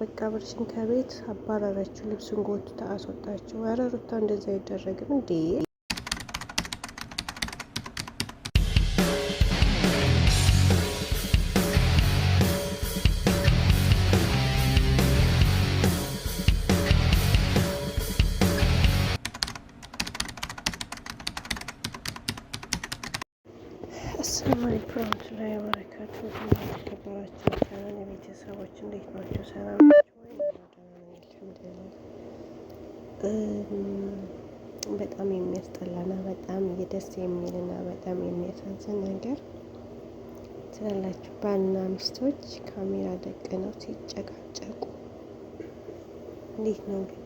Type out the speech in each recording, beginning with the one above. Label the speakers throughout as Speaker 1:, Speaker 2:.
Speaker 1: በቃ አብርሽን ከቤት አባረረችው፣ ልብሱን ጎትታ አስወጣችው። ኧረ ሩታ እንደዚ አይደረግም እንዴ! አሰላሙ አለይኩም ወራህመቱላሂ ወበረካቱሁ። ተከበራችሁ ቻናል የቤተሰቦች እንዴት ናቸው? ሰላም በጣም የሚያስጠላና በጣም የደስ የሚልና በጣም የሚያሳዝን ነገር ትላላችሁ። ባልና ሚስቶች ካሜራ ነው ሲጨቃጨቁ እንዴት ነው ግን?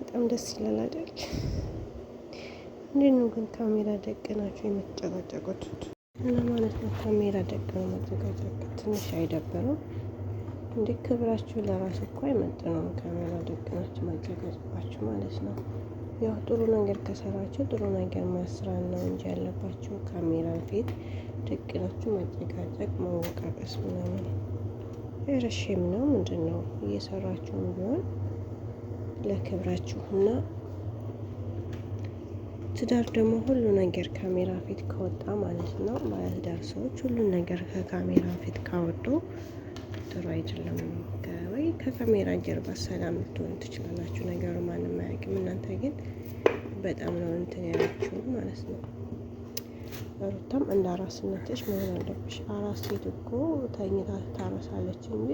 Speaker 1: በጣም ደስ ይላል አይደል? እንዴት ነው ግን ካሜራ ናቸው የምትጨቃጨቁት? እና ማለት ነው ካሜራ ደቅኖ መዘጋጀት ትንሽ አይደብርም እንዴ? ክብራችሁ ለራሱ እኮ አይመጥነውም። ካሜራ ደቅናችሁ መዘጋጀባችሁ ማለት ነው። ያው ጥሩ ነገር ከሰራችሁ ጥሩ ነገር ማስራ ነው እንጂ ያለባችሁ ካሜራ ፊት ደቅናችሁ መጨቃጨቅ፣ መወቃቀስ ምናምን ረሽም ነው። ምንድን ነው እየሰራችሁም ቢሆን እና ትዳር ደግሞ ሁሉ ነገር ካሜራ ፊት ከወጣ ማለት ነው። ባለትዳር ሰዎች ሁሉን ነገር ከካሜራ ፊት ካወጡ ጥሩ አይደለም። ወይ ከካሜራ ጀርባ ሰላም ልትሆኑ ትችላላችሁ፣ ነገሩ ማንም አያውቅም። እናንተ ግን በጣም ነው እንትን ያላችሁ ማለት ነው። ሩታም እንደ አራስነትሽ መሆን አለብሽ። አራስ ሴት እኮ ተኝታ ታረሳለች እንጂ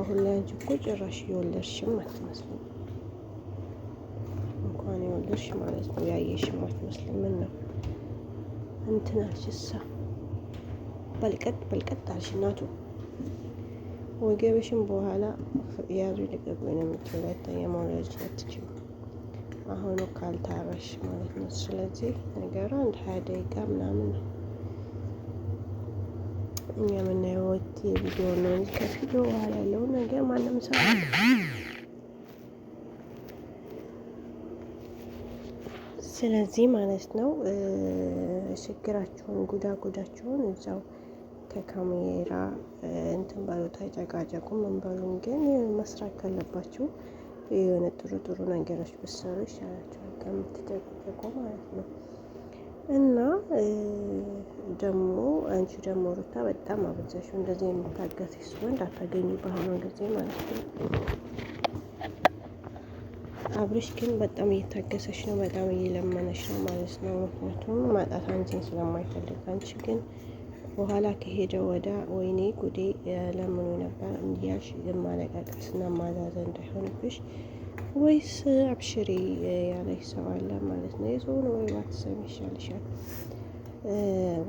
Speaker 1: አሁን ላይ አንቺ እኮ ጭራሽ የወለድሽም አትመስልም። ካልተናገርሽ ማለት ነው ያየሽም አትመስልም። ምን ነው እንትን አልሽሳ በልቀጥ በልቀጥ አልሽ እናቱ ወገብሽም በኋላ ያዙ ልቀቁ ነው የምትለው። ሁለተኛ መውለድ አትችይም አሁኑ ካልታረሽ ማለት ነው። ስለዚህ ነገሩ አንድ ሀያ ደቂቃ ምናምን ነው እኛ የምናየው ወቅት የቪዲዮ ነው። ከቪዲዮ በኋላ ያለውን ነገር ማንም ሰው ስለዚህ ማለት ነው ችግራችሁን ጉዳ ጉዳችሁን እዛው ከካሜራ እንትን ባሉ ተጨቃጨቁ መንበሩን ግን መስራት ካለባችሁ የሆነ ጥሩ ጥሩ ነገሮች ብሰሩ ይሻላቸዋል ከምትጨቃጨቁ ማለት ነው። እና ደግሞ አንቺ ደግሞ ሩታ በጣም አበዛሽው። እንደዚህ የምታገስሽ ወንድ አታገኙ በአሁኑ ጊዜ ማለት ነው። አብርሽ ግን በጣም እየታገሰች ነው፣ በጣም እየለመነች ነው ማለት ነው። ምክንያቱም ማጣት አንቺን ስለማይፈልግ አንቺ ግን በኋላ ከሄደ ወደ ወይኔ ጉዴ ለምኑ ነበር እንዲያልሽ ማለቃቀስ እና ማዛዘ እንዳይሆንብሽ ወይስ አብሽሪ ያለሽ ሰው አለ ማለት ነው። የሰውን ወይ ባትሰሚ ይሻልሻል፣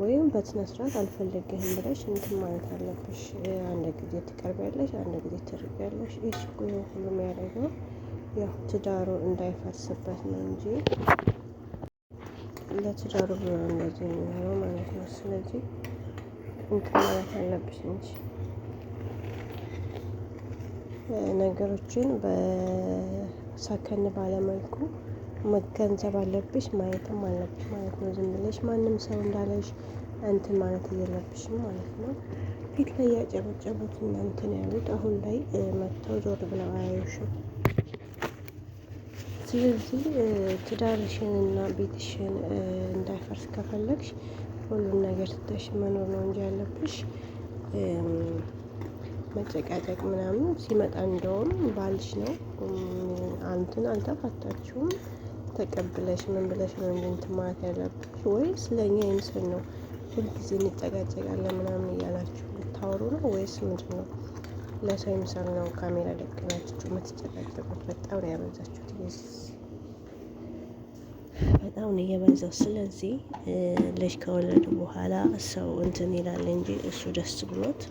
Speaker 1: ወይም በስነ ስርዓት አልፈልግህም ብለሽ እንትን ማለት አለብሽ። አንድ ጊዜ ትቀርቢያለሽ፣ አንድ ጊዜ ትርቢያለሽ። ይህ ሁሉም ያደረገው ያው ትዳሩ እንዳይፈርስበት ነው እንጂ ለትዳሩ ብሎ እንደዚህ የሚሆነው ማለት ነው። ስለዚህ እንትን ማለት አለብሽ እንጂ ነገሮችን በሰከን ባለመልኩ መገንዘብ አለብሽ፣ ማየትም አለብሽ ማለት ነው። ዝም ብለሽ ማንም ሰው እንዳለሽ እንትን ማለት እየለብሽም ማለት ነው። ፊት ላይ ያጨበጨቡት እናንትን ያሉት አሁን ላይ መጥተው ዞር ብለው አያዩሽም። ስለዚህ እና ቤትሽን እንዳይፈርስ ከፈለግሽ ሁሉን ነገር ትተሽ መኖር ነው እንጂ ያለብሽ መጨቃጨቅ ምናምን ሲመጣ እንደውም ባልሽ ነው አንትን አልተፋታችሁም ተቀብለሽ ምን ብለሽ ነው እንጂ እንትን ማለት ያለብሽ ወይስ ለእኛ ይምስል ነው ሁልጊዜ እንጨቃጨቃለን ምናምን እያላችሁ ልታወሩ ነው ወይስ ምንድን ነው? ለሰው የምሳል ነው። ካሜራ ደቅናችሁ የምትጨቃጨቁት በጣም ነው ያበዛችሁት። በጣም ነው የበዛው። ስለዚህ ልጅ ከወለዱ በኋላ ሰው እንትን ይላል እንጂ እሱ ደስ ብሎት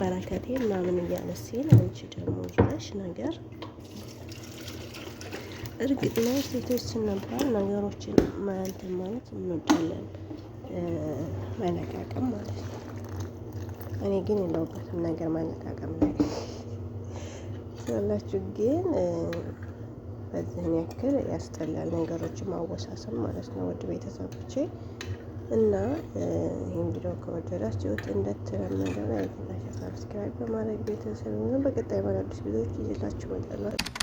Speaker 1: በረከቴ ምናምን እያለ ሲል አንቺ ደግሞ ይላሽ ነገር እርግጥ ነው ሴቶች ስንባል ነገሮችን ማንትን ማለት እንወዳለን መለቃቀም ማለት ነው። እኔ ግን የለውበትም ነገር ማለቃቀም ላይ ስላላችሁ ግን በዚህን ያክል ያስጠላል። ነገሮች ማወሳሰብ ማለት ነው። ውድ ቤተሰቦቼ እና ይህን ቪዲዮ ከወደዳችሁት እንደተለመደው ላይክ እና ሰብስክራይብ በማድረግ ቤተሰብ በቀጣይ ባለ ቪዲዮዎች ይዤላችሁ እመጣለሁ።